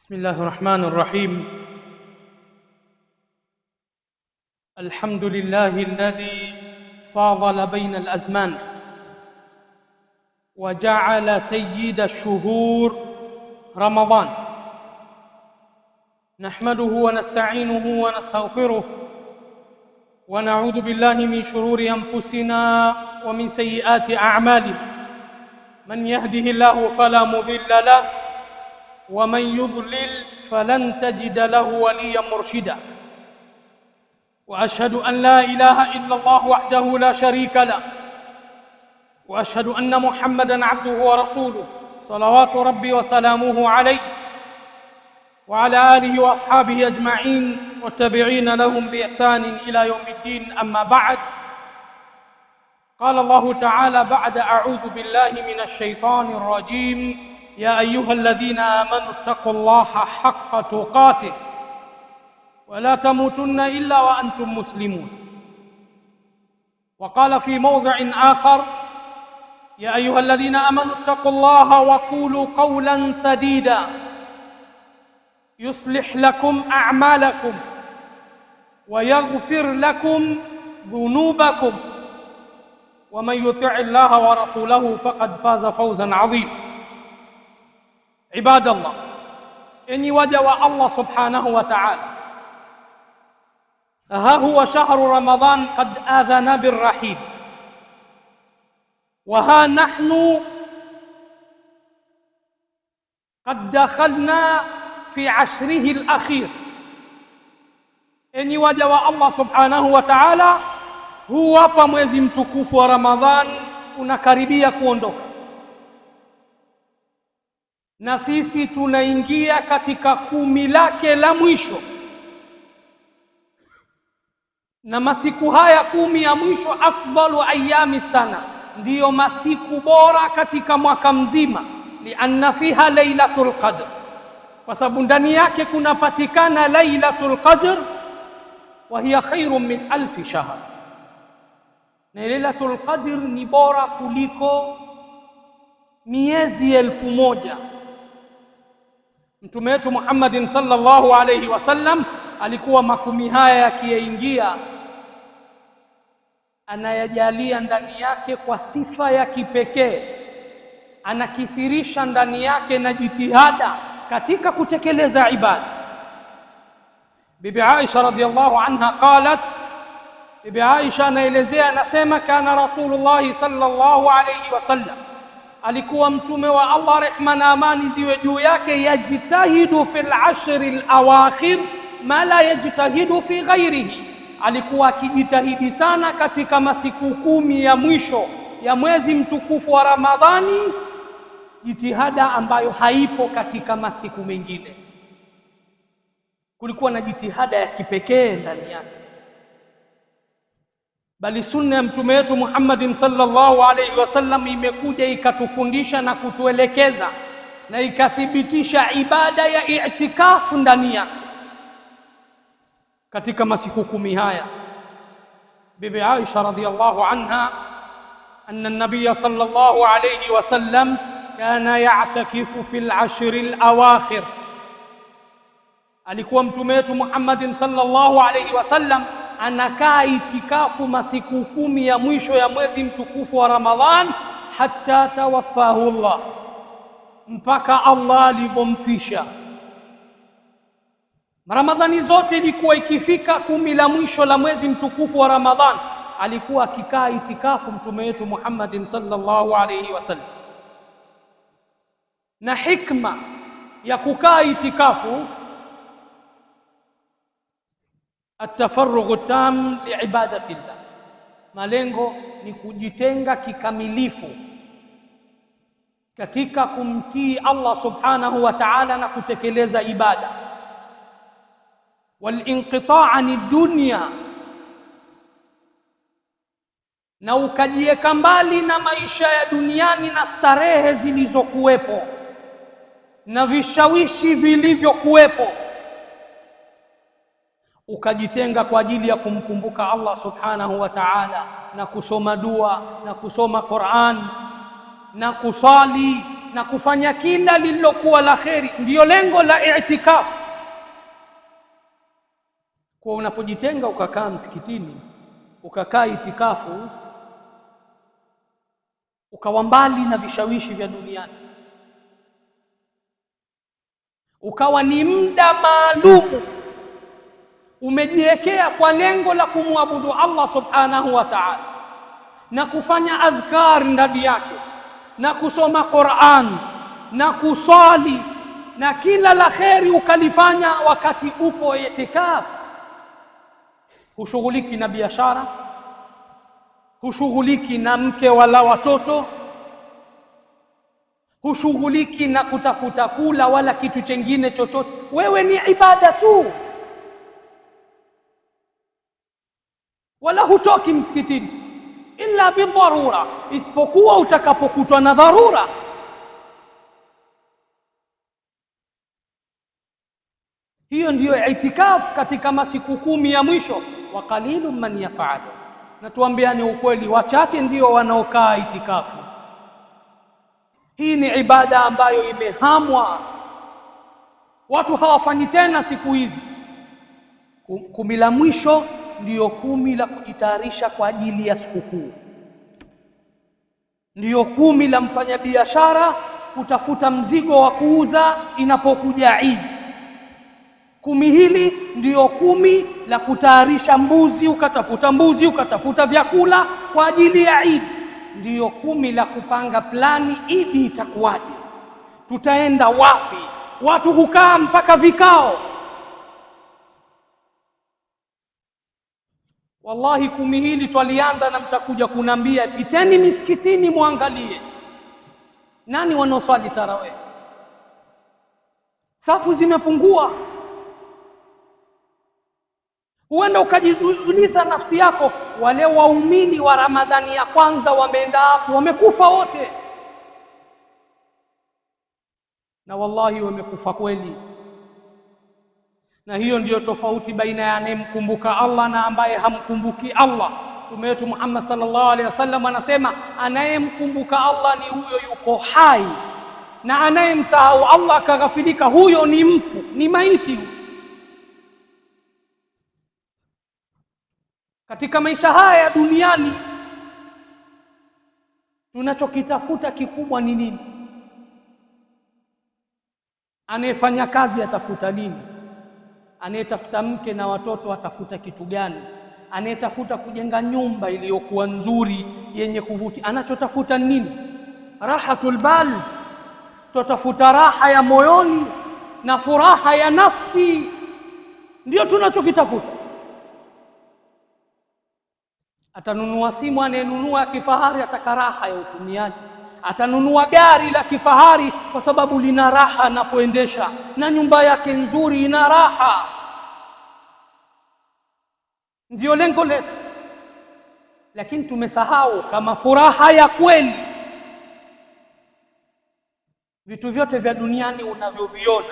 بسم الله الرحمن الرحيم الحمد لله الذي فاضل بين الازمان وجعل سيد الشهور رمضان نحمده ونستعينه ونستغفره ونعوذ بالله من شرور انفسنا ومن سيئات اعمالنا من يهده الله فلا مضل له ومن يضلل فلن تجد له وليا مرشدا واشهد ان لا اله الا الله وحده لا شريك له واشهد ان محمدا عبده ورسوله صلوات ربي وسلامه عليه وعلى اله واصحابه اجمعين والتابعين لهم باحسان الى يوم الدين اما بعد قال الله تعالى بعد اعوذ بالله من الشيطان الرجيم يا أيها الذين آمنوا اتقوا الله حق تقاته ولا تموتن إلا وأنتم مسلمون وقال في موضع آخر يا أيها الذين آمنوا اتقوا الله وقولوا قولا سديدا يصلح لكم أعمالكم ويغفر لكم ذنوبكم ومن يطع الله ورسوله فقد فاز فوزا عظيما عباد الله اني وجوى الله سبحانه وتعالى ها هو شهر رمضان قد اذن بالرحيل وها نحن قد دخلنا في عشره الاخير اني وجوى الله سبحانه وتعالى هو قام مزي متكفو رمضان unakaribia kuondoka na sisi tunaingia katika kumi lake la mwisho, na masiku haya kumi ya mwisho, afdalu ayami sana, ndiyo masiku bora katika mwaka mzima. Lianna fiha lailatul qadr, kwa sababu ndani yake kunapatikana lailatul qadr, wa hiya khairun min alfi shahr, na lailatul qadr ni bora kuliko miezi elfu moja. Mtume wetu Muhammadin sallallahu alayhi wasallam alikuwa makumi haya yakiyaingia, anayajalia ndani yake kwa sifa ya kipekee, anakithirisha ndani yake na jitihada katika kutekeleza ibada. Bibi Aisha radhiyallahu anha qalat, Bibi Aisha anaelezea, anasema kana rasulullahi sallallahu alayhi wasallam alikuwa mtume wa Allah, rehma na amani ziwe juu yake, yajtahidu fil ashri lawakhir ma la yajtahidu fi ghairihi, alikuwa akijitahidi sana katika masiku kumi ya mwisho ya mwezi mtukufu wa Ramadhani, jitihada ambayo haipo katika masiku mengine. Kulikuwa na jitihada ya kipekee ndani yake bali sunna ya mtume wetu Muhammadin sallallahu alaihi wasallam imekuja ikatufundisha na kutuelekeza na ikathibitisha ibada ya i'tikafu ndani ya Katika masiku kumi haya, Bibi Aisha radhiyallahu anha, anna nabiya sallallahu alaihi wasallam kana ya'takifu fil ashril awakhir, alikuwa mtume wetu Muhammadin sallallahu alaihi wasallam anakaa itikafu masiku kumi ya mwisho ya mwezi mtukufu wa Ramadhan, hatta tawaffahu Allah, mpaka Allah alivyomfisha. Ramadhani zote ilikuwa ikifika kumi la mwisho la mwezi mtukufu wa Ramadhan, alikuwa akikaa itikafu mtume wetu Muhammadin sallallahu alayhi wasallam. Na hikma ya kukaa itikafu atafarughu tam liibadati llah, malengo ni kujitenga kikamilifu katika kumtii Allah subhanahu wa ta'ala na kutekeleza ibada. Walinqitaa ani dunya, na ukajiweka mbali na maisha ya duniani na starehe zilizokuwepo na vishawishi vilivyokuwepo ukajitenga kwa ajili ya kumkumbuka Allah subhanahu wa ta'ala, na kusoma dua na kusoma Qur'an na kusali na kufanya kila lililokuwa la kheri, ndiyo lengo la i'tikafu. Kwa unapojitenga ukakaa msikitini ukakaa itikafu ukawa mbali na vishawishi vya duniani, ukawa ni muda maalumu umejiwekea kwa lengo la kumwabudu Allah subhanahu wa ta'ala, na kufanya adhkari ndani yake na kusoma Qur'an na kusali na kila la kheri ukalifanya wakati upo itikaf, hushughuliki na biashara, hushughuliki na mke wala watoto, hushughuliki na kutafuta kula wala kitu chengine chochote. Wewe ni ibada tu. wala hutoki msikitini illa bidharura, isipokuwa utakapokutwa na dharura. Hiyo ndiyo itikafu katika masiku kumi ya mwisho. Wa qalilun man yafalu, na ni ukweli, wachache ndio wanaokaa itikafu. Hii ni ibada ambayo imehamwa, watu hawafanyi tena siku hizi. Kumi la mwisho ndiyo kumi la kujitayarisha kwa ajili ya sikukuu, ndiyo kumi la mfanyabiashara kutafuta mzigo wa kuuza inapokuja Idi. Kumi hili ndiyo kumi la kutayarisha mbuzi, ukatafuta mbuzi, ukatafuta vyakula kwa ajili ya Idi. Ndiyo kumi la kupanga plani, Idi itakuwaje, tutaenda wapi? Watu hukaa mpaka vikao Wallahi, kumi hili twalianza na mtakuja kunambia, piteni misikitini mwangalie nani wanaoswali tarawih, safu zimepungua. Huenda ukajiuliza nafsi yako, wale waumini wa Ramadhani ya kwanza wameenda hapo, wamekufa wote, na wallahi wamekufa kweli na hiyo ndiyo tofauti baina ya anayemkumbuka Allah na ambaye hamkumbuki Allah. Mtume wetu Muhammad sallallahu alaihi wasallam anasema, anayemkumbuka Allah ni huyo yuko hai, na anayemsahau Allah akaghafilika, huyo ni mfu, ni maiti. Katika maisha haya ya duniani tunachokitafuta kikubwa ni nini? Anayefanya kazi atafuta nini? Anayetafuta mke na watoto atafuta kitu gani? Anayetafuta kujenga nyumba iliyokuwa nzuri yenye kuvutia anachotafuta nini? Rahatul bal, twatafuta raha ya moyoni na furaha ya nafsi, ndio tunachokitafuta. Atanunua simu, anayenunua kifahari ataka raha ya utumiaji atanunua gari la kifahari kwa sababu lina raha anapoendesha, na nyumba yake nzuri ina raha. Ndiyo lengo letu, lakini tumesahau kama furaha ya kweli, vitu vyote vya duniani unavyoviona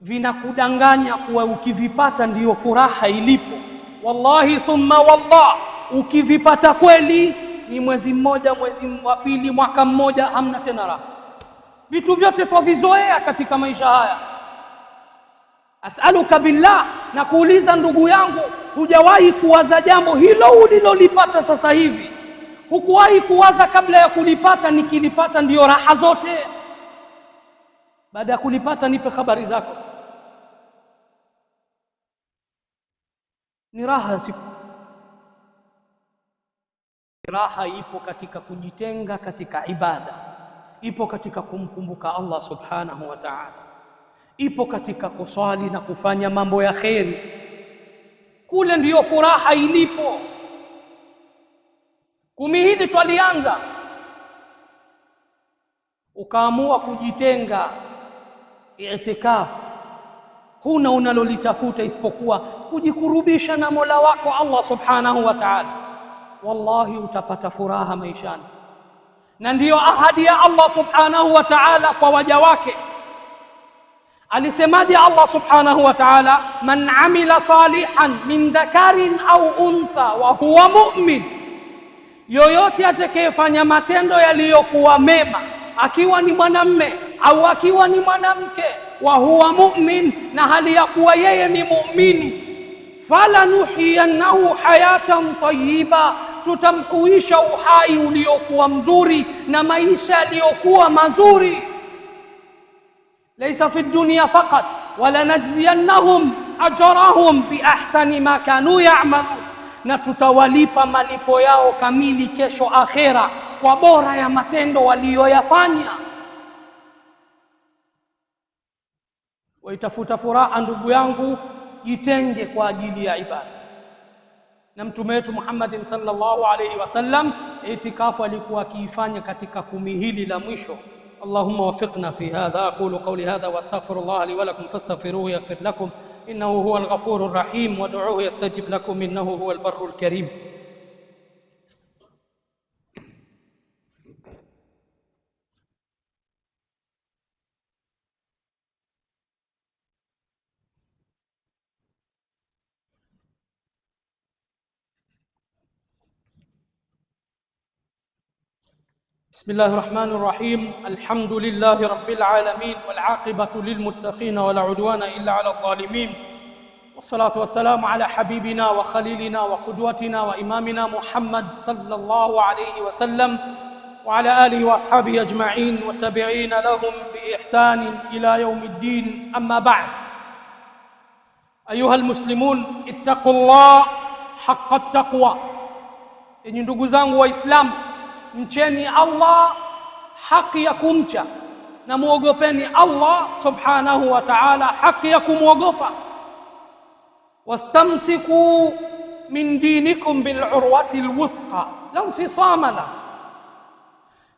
vinakudanganya kuwa ukivipata ndiyo furaha ilipo. Wallahi thumma wallah, ukivipata kweli ni mwezi mmoja, mwezi wa pili, mwaka mmoja, hamna tena raha. Vitu vyote twavizoea katika maisha haya. Asaluka billah, na kuuliza ndugu yangu, hujawahi kuwaza jambo hilo ulilolipata sasa hivi? Hukuwahi kuwaza kabla ya kulipata, nikilipata ndiyo raha zote, baada ya kulipata nipe habari zako, ni raha ya siku Raha ipo katika kujitenga katika ibada, ipo katika kumkumbuka Allah subhanahu wa ta'ala, ipo katika kuswali na kufanya mambo ya kheri. Kule ndiyo furaha ilipo. Kumi hili twalianza, ukaamua kujitenga itikafu, huna unalolitafuta isipokuwa kujikurubisha na Mola wako Allah subhanahu wa ta'ala wallahi utapata furaha maishani, na ndiyo ahadi ya Allah subhanahu wa ta'ala kwa waja wake. Alisemaje Allah subhanahu wa ta'ala? man amila salihan min dhakarin au untha wa huwa mu'min, yoyote atakayefanya matendo yaliyokuwa mema akiwa ni mwanamme au akiwa ni mwanamke, wa huwa mu'min, na hali ya kuwa yeye ni mumini falanuhiyannahu hayatan tayyiba tutamkuisha uhai uliokuwa mzuri na maisha yaliyokuwa mazuri. Laisa fi dunya faqat najziyannahum ajrahum biahsani ma kanu ya'malun, na tutawalipa malipo yao kamili kesho akhera kwa bora ya matendo waliyoyafanya. Waitafuta furaha, ndugu yangu, jitenge kwa ajili ya ibada. na mtume wetu Muhammad sallallahu alaihi wasallam itikafu alikuwa akiifanya katika kumi hili la mwisho. Allahumma wafiqna fi hadha aqulu qawli hadha wa astaghfirullah li wa lakum fastaghfiruhu yaghfir lakum innahu huwal ghafurur rahim wad'uuhu yastajib lakum innahu huwal barrul karim. بسم الله الرحمن الرحيم الحمد لله رب العالمين والعاقبة للمتقين ولا عدوان إلا على الظالمين والصلاة والسلام على حبيبنا وخليلنا وقدوتنا وإمامنا محمد صلى الله عليه وسلم وعلى آله وأصحابه أجمعين والتابعين لهم بإحسان إلى يوم الدين أما بعد أيها المسلمون اتقوا الله حق التقوى إن ndugu zangu إسلام mcheni Allah haki ya kumcha na muogopeni Allah subhanahu wa ta'ala haki ya kumwogopa. Wastamsiku min dinikum bil urwati alwuthqa la infisama la,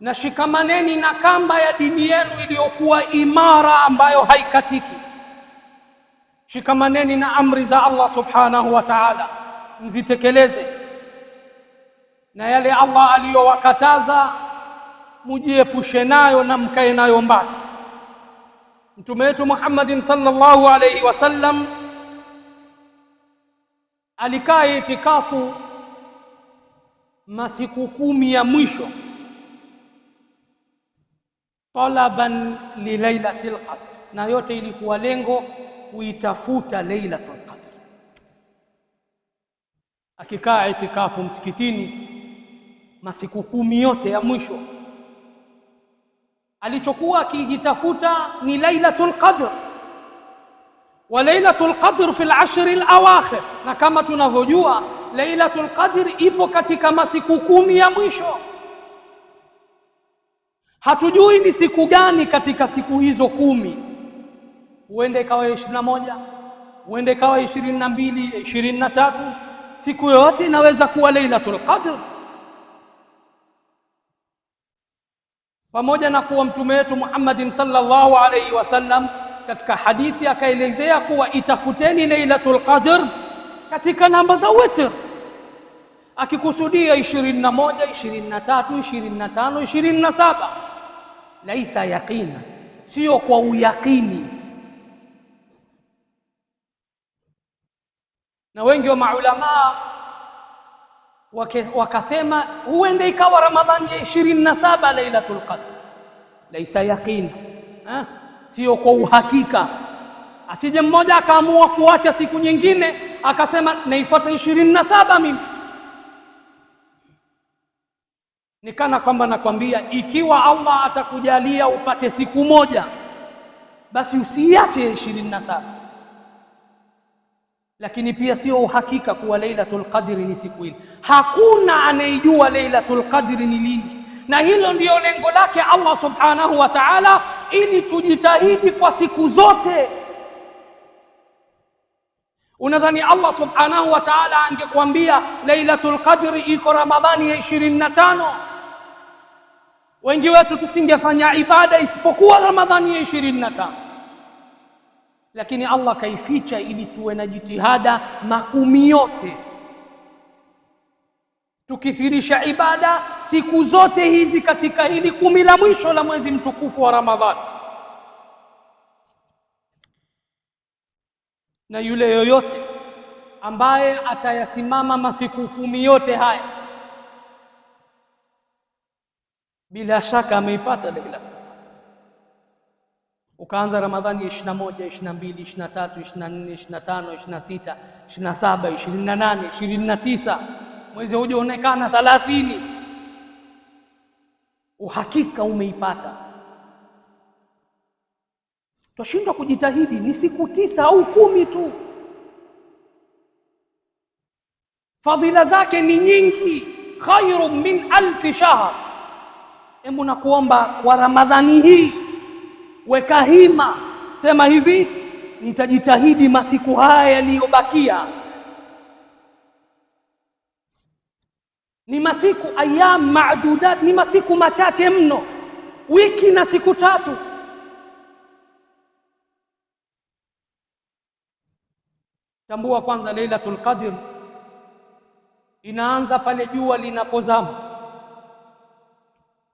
na shikamaneni na kamba ya dini yenu iliyokuwa imara ambayo haikatiki. Shikamaneni na amri za Allah subhanahu wa ta'ala mzitekeleze na yale Allah aliyowakataza mujiepushe nayo na mkae nayo mbali. Mtume wetu Muhammadin sallallahu alayhi wasallam alikaa itikafu masiku kumi ya mwisho, talaban li lailatil qadr, na yote ilikuwa lengo kuitafuta lailatul qadr. Akikaa itikafu msikitini masiku kumi yote ya mwisho alichokuwa akijitafuta ni Lailatul Qadr wa Lailatul Qadr fi al-ashr al-awakhir. Na kama tunavyojua Lailatul Qadr ipo katika masiku kumi ya mwisho. Hatujui ni siku gani katika siku hizo kumi, huende ikawa ishirini na moja, huende ikawa ishirini na mbili, ishirini na tatu. Siku yoyote inaweza kuwa Lailatul Qadr. Pamoja na kuwa mtume wetu Muhammadin sallallahu alaihi wasallam katika hadithi akaelezea kuwa itafuteni Lailatul Qadr katika namba za witr, akikusudia 21, 23, 25, 27. Laisa yaqina, sio kwa uyaqini. Na wengi wa maulamaa wakasema huende ikawa Ramadhani ya ishirini na saba Lailatul Qadr. Laisa yaqini, sio kwa uhakika. Asije mmoja akaamua kuacha siku nyingine akasema naifuata ishirini na saba mimi nikana kwamba nakwambia, ikiwa Allah atakujalia upate siku moja, basi usiache ishirini na saba lakini pia sio uhakika kuwa Lailatul Qadri ni siku ile. Hakuna anayejua Lailatul Qadri ni lini, na hilo ndiyo lengo lake Allah subhanahu wa ta'ala, ili tujitahidi kwa siku zote. Unadhani Allah subhanahu wa ta'ala angekuambia Lailatul Qadri iko Ramadhani ya 25? Wengi wetu tusingefanya ibada isipokuwa Ramadhani ya 25 lakini Allah kaificha ili tuwe na jitihada makumi yote, tukithirisha ibada siku zote hizi katika hili kumi la mwisho la mwezi mtukufu wa Ramadhani. Na yule yoyote ambaye atayasimama masiku kumi yote haya, bila shaka ameipata Lailatul ukaanza Ramadhani ya 21, 22, 23, 24, 25, 26, 27, 28, 29, mwezi hujaonekana 30. Uhakika umeipata, twashindwa kujitahidi. Ni siku tisa au kumi tu, fadhila zake ni nyingi. khairu min alfi shahr. Hebu nakuomba kwa Ramadhani hii weka hima, sema hivi, nitajitahidi masiku haya yaliyobakia ni masiku ayam maududat, ni masiku machache mno, wiki na siku tatu. Tambua kwanza, Lailatul Qadr inaanza pale jua linapozama,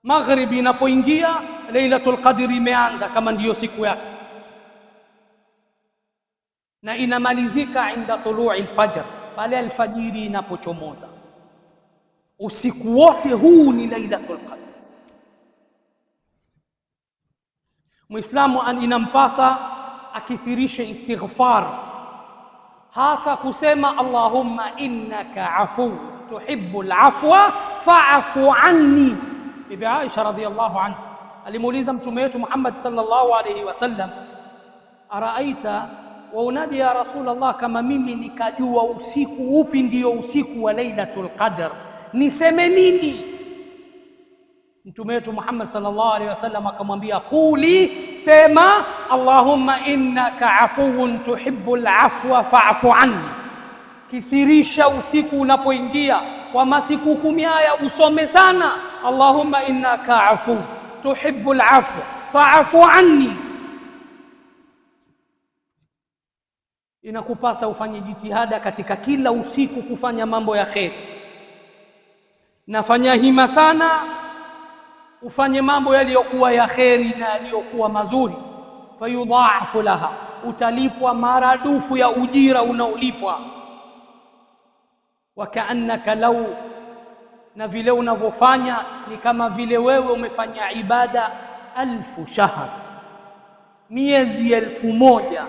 maghrib inapoingia Lailatul Qadri imeanza kama ndiyo siku yake na inamalizika inda tului lfajr, pale alfajiri inapochomoza. Usiku wote huu ni Lailatul Qadr. Muislamu inampasa akithirishe istighfar, hasa kusema Allahumma innaka afu tuhibbu lafwa fafu anni. Bibi Aisha radhiyallahu anha alimuuliza mtume wetu Muhammad sallallahu alaihi wasallam, araaita wa waunadi ya Rasulullah, kama mimi nikajua usiku upi ndio usiku wa Lailatul Qadr niseme nini? Mtume wetu Muhammad sallallahu alaihi wasallam akamwambia, quli, sema allahumma innaka afuwun tuhibbul afwa fa'fu anni. Kithirisha usiku unapoingia, kwa masiku kumi haya usome sana allahumma innaka afuwun tuhibbu al-afwa fa'fu anni, inakupasa ufanye jitihada katika kila usiku kufanya mambo ya kheri. Nafanya hima sana ufanye mambo yaliyokuwa ya kheri na yaliyokuwa mazuri. Fayudhaafu laha, utalipwa maradufu ya ujira unaolipwa. Wakaannaka law na vile unavyofanya ni kama vile wewe umefanya ibada alfu shahr, miezi elfu moja.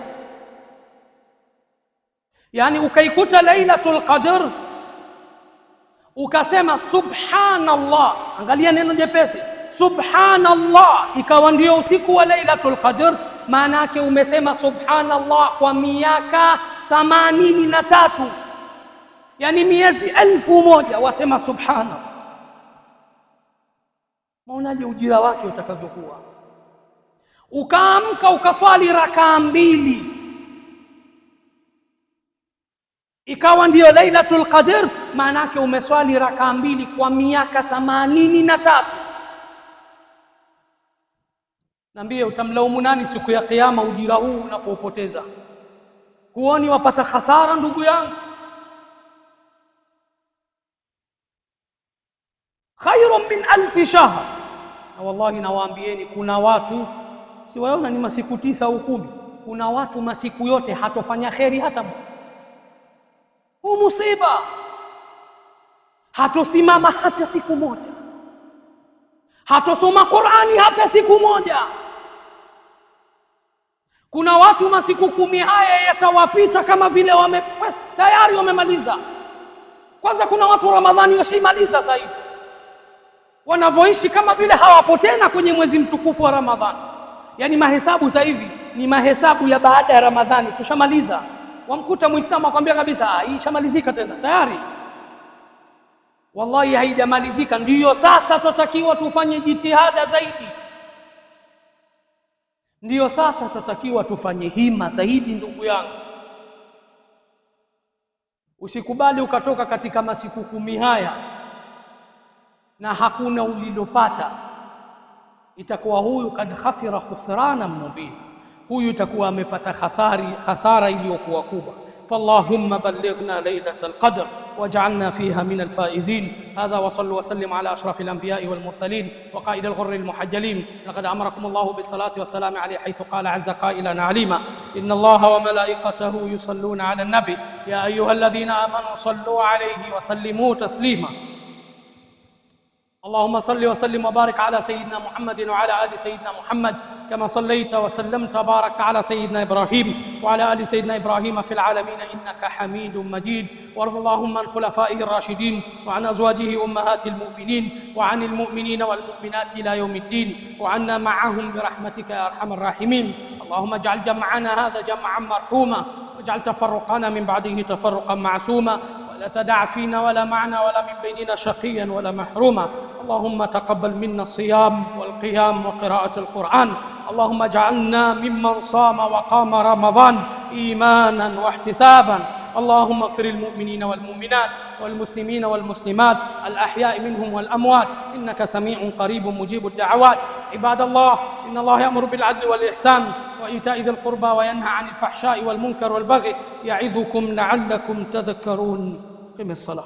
Yani ukaikuta Lailatul Qadr ukasema subhanallah, angalia neno jepesi subhanallah, ikawa ndio usiku wa Lailatul Qadr. Maana yake umesema subhanallah kwa miaka tatu yani miezi elfu moja wasema subhana. Maonaje ujira wake utakavyokuwa? Ukaamka ukaswali rakaa mbili, ikawa ndiyo Lailatul Qadr, maana yake umeswali rakaa mbili kwa miaka thamanini na tatu. Nambie, utamlaumu nani siku ya Kiyama ujira huu unapoupoteza? Huoni wapata hasara, ndugu yangu? khairun min alfi shahr. Na wallahi nawaambieni, kuna watu siwaona ni masiku tisa au kumi, kuna watu masiku yote hatofanya kheri hata moja. Huu musiba hatosimama hata siku moja, hatosoma Qur'ani hata siku moja. Kuna watu masiku kumi haya yatawapita kama vile wame tayari wamemaliza. Kwanza kuna watu Ramadhani washaimaliza sasa hivi wanavyoishi kama vile hawapo tena kwenye mwezi mtukufu wa Ramadhani. Yaani mahesabu sasa hivi ni mahesabu ya baada ya Ramadhani, tushamaliza. Wamkuta Muislamu akwambia kabisa, ah, hii shamalizika tena tayari. Wallahi haijamalizika, ndiyo sasa tutatakiwa tufanye jitihada zaidi, ndiyo sasa tutatakiwa tufanye hima zaidi. Ndugu yangu, usikubali ukatoka katika masiku kumi haya na hakuna ulilopata, itakuwa huyu kad khasira khusrana mubina, huyu itakuwa amepata khasari, khasara iliyokuwa kubwa. فاللهم بلغنا ليلة القدر واجعلنا فيها من الفائزين هذا وصلوا وسلم على أشرف الأنبياء والمرسلين وقائد الغر المحجلين لقد أمركم الله بالصلاة والسلام عليه حيث قال عز قائلا عليما إن الله وملائكته يصلون على النبي يا أيها الذين آمنوا صلوا عليه وسلموا تسليما اللهم صل وسلم وبارك على سيدنا محمد وعلى ال سيدنا محمد كما صليت وسلمت بارك على سيدنا ابراهيم وعلى ال سيدنا ابراهيم في العالمين انك حميد مجيد وارض اللهم عن خلفائه الراشدين وعن ازواجه امهات المؤمنين وعن المؤمنين والمؤمنات الى يوم الدين وعنا معهم برحمتك يا ارحم الراحمين اللهم اجعل جمعنا هذا جمعا مرحوما واجعل تفرقنا من بعده تفرقا معصوما ولا تدع فينا ولا معنا ولا من بيننا شقيا ولا محروما اللهم تقبل منا الصيام والقيام وقراءة القرآن اللهم اجعلنا ممن صام وقام رمضان إيمانا واحتسابا اللهم اغفر المؤمنين والمؤمنات والمسلمين والمسلمات الأحياء منهم والأموات إنك سميع قريب مجيب الدعوات عباد الله إن الله يأمر بالعدل والإحسان وإيتاء ذي القربى وينهى عن الفحشاء والمنكر والبغي يعظكم لعلكم تذكرون قم الصلاة